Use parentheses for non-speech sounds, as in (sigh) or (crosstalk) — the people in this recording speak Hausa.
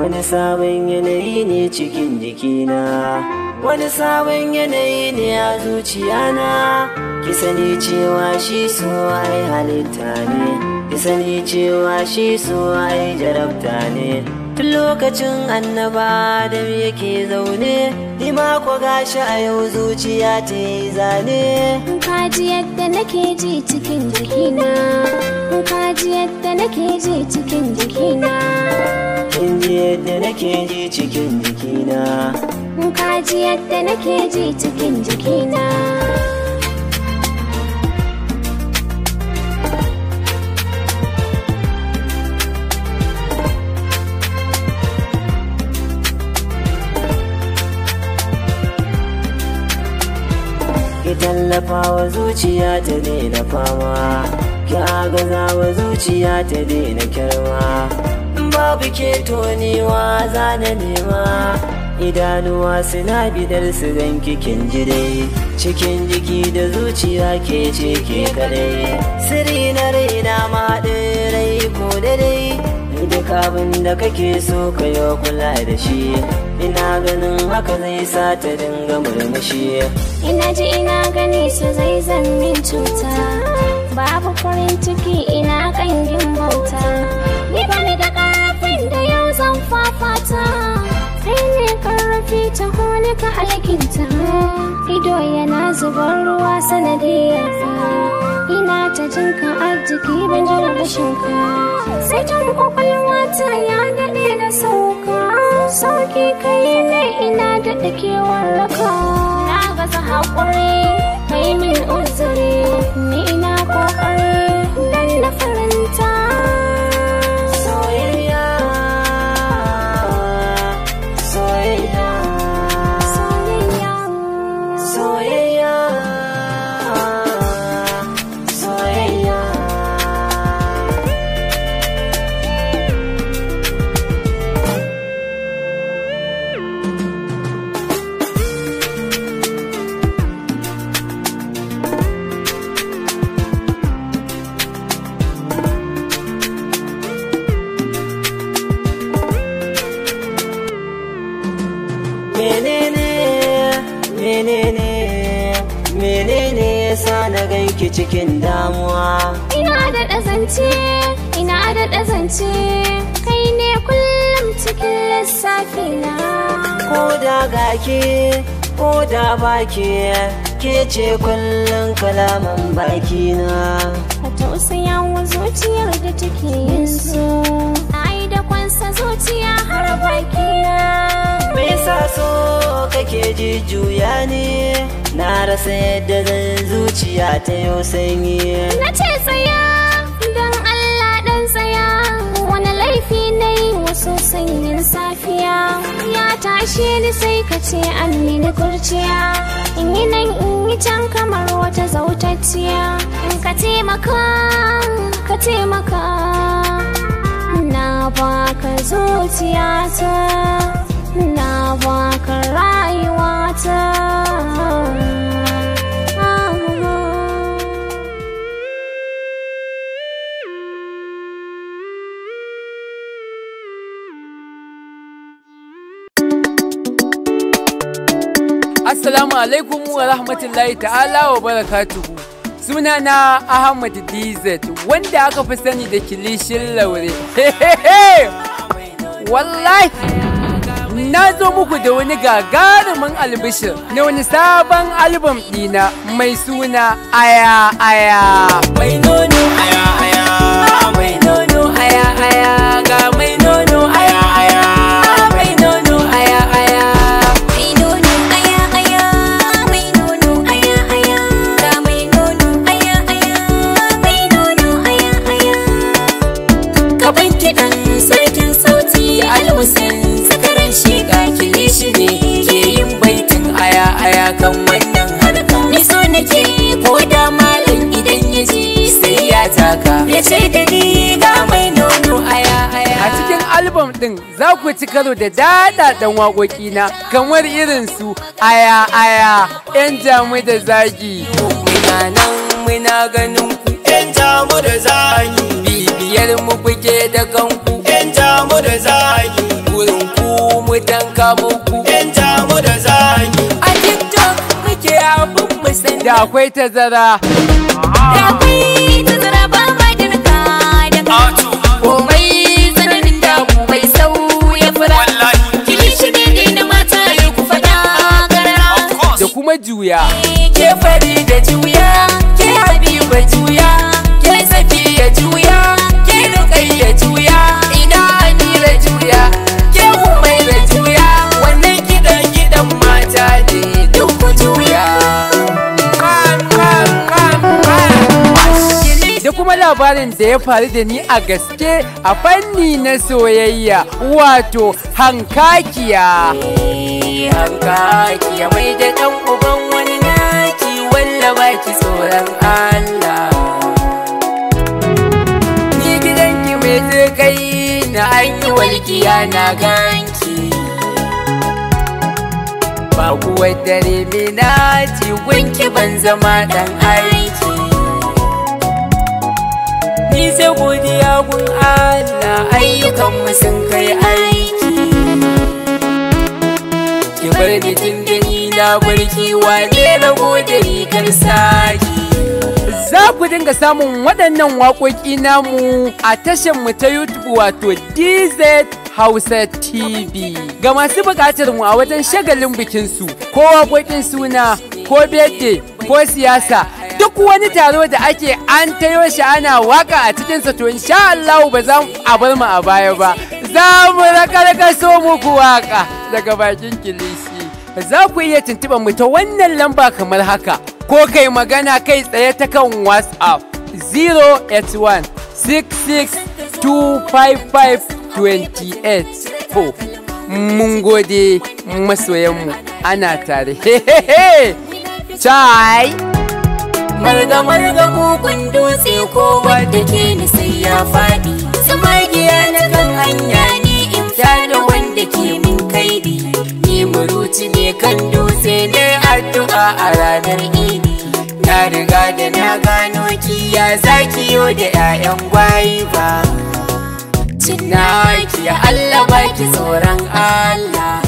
wani sabon yanayi ne cikin jikina wani sabon yanayi ne a zuciyana ki sani cewa shi so ai halitta ne ki sani cewa shi so ai jarabta ne tun lokacin annaba da yake zaune ni ma ko gashi a yau zuciya ta yi zane kaji yadda nake ji cikin jikina kaji yadda nake ji cikin jikina yadda nake ji cikin jikina ka ji yadda nake ji cikin jikina Ki tallafa wa zuciya ta daina fama, ki agaza wa zuciya ta daina kyarwa. babu ke toniwa za na nema idanuwa suna bidar su zan kikin jire cikin jiki da zuciya ke ce ke kadai siri na raina ma rai ko dai duk abin da kake so ka yi kula da shi ina ganin haka zai sa ta dinga murmushi ina ji ina gani su zai min cuta babu farin ciki ina ta aikinta ido yana zubar ruwa sanadiyarta ina ta jinka arziki ban ji ka sai ta kwakwalwa ta ya daɗe da sauka sauki kai ne ina da dakewar raka na gasa haƙuri kai min menene yasa na ganki cikin damuwa ina da ɗazance ina da ɗazance kai ne kullum cikin lissafi na ko da gaki ko da baki ke ce kullum kalaman baki na a zuciyar da take yin su ai da kwansa zuciya har baki na me so kake juya ne na rasa yadda zan zuciya ta yau sanyi na ce tsaya don allah dan tsaya wani laifi na yi wasu sanyin safiya ya tashe ni sai ka ce an mini kurciya in yi nan in yi can kamar wata zautacciya in ka taimaka ka taimaka na baka ta. Assalamu alaikum wa rahmatullahi ta'ala wa barakatuhu. Suna na Ahmad DZ wanda aka fi sani da kilishin laure. (laughs) Wallahi! na zo muku da wani gagarumin albishir na wani sabon album ɗina mai suna aya aya mai aya album ɗin za ku ci karo da daɗaɗɗen waƙoƙi na kamar irin su aya aya 'yan jamu da zagi. Muna nan muna ganin ku 'yan jamu da zagi. Bibiyar mu kuke da kanku 'yan jamu da zagi. Wurin ku mu tanka muku 'yan jamu da zagi. A TikTok muke abin mu Da akwai tazara. Da akwai tazara kuma labarin da ya faru da ni a gaske a fanni na soyayya wato hankakiya. Eh, hankakiya mai da ɗan uban wani naki walla baki tsoron Allah. Ni gidanki mai zirkai na an yi walkiya na ganki. Ba kuwa dare mina ci gunki ban zama ɗan aiki. gun Allah mu sun kai aiki ki bar ni na barki wane na gode kar saki za ku dinga samun waɗannan waƙoƙi namu a mu ta YouTube wato DZ Hausa TV. Ga masu buƙatar mu a wajen shagalin bikin su ko waƙoƙin suna ko bete ko siyasa duk wani taro da ake an tayo shi ana waka a cikinsa to insha Allah ba za a bar mu a baya ba za mu raka so muku waka daga bakin kilisi za ku iya tuntuɓa mu ta wannan lamba kamar haka ko kai magana kai tsaye ta kan whatsapp 081 255 mun gode masoyanmu ana tare. Chai! marga marga kukun dutse ko wadda ni sai ya faɗi tsamagiya na kan hanya ne in da wanda ke min kaidi ni muruci ne kan dutse ne addu'a a ranar idi na riga da na gano kiya zakiyo da 'ya'yan gwayi ba cinna ki Allah baki tsoron Allah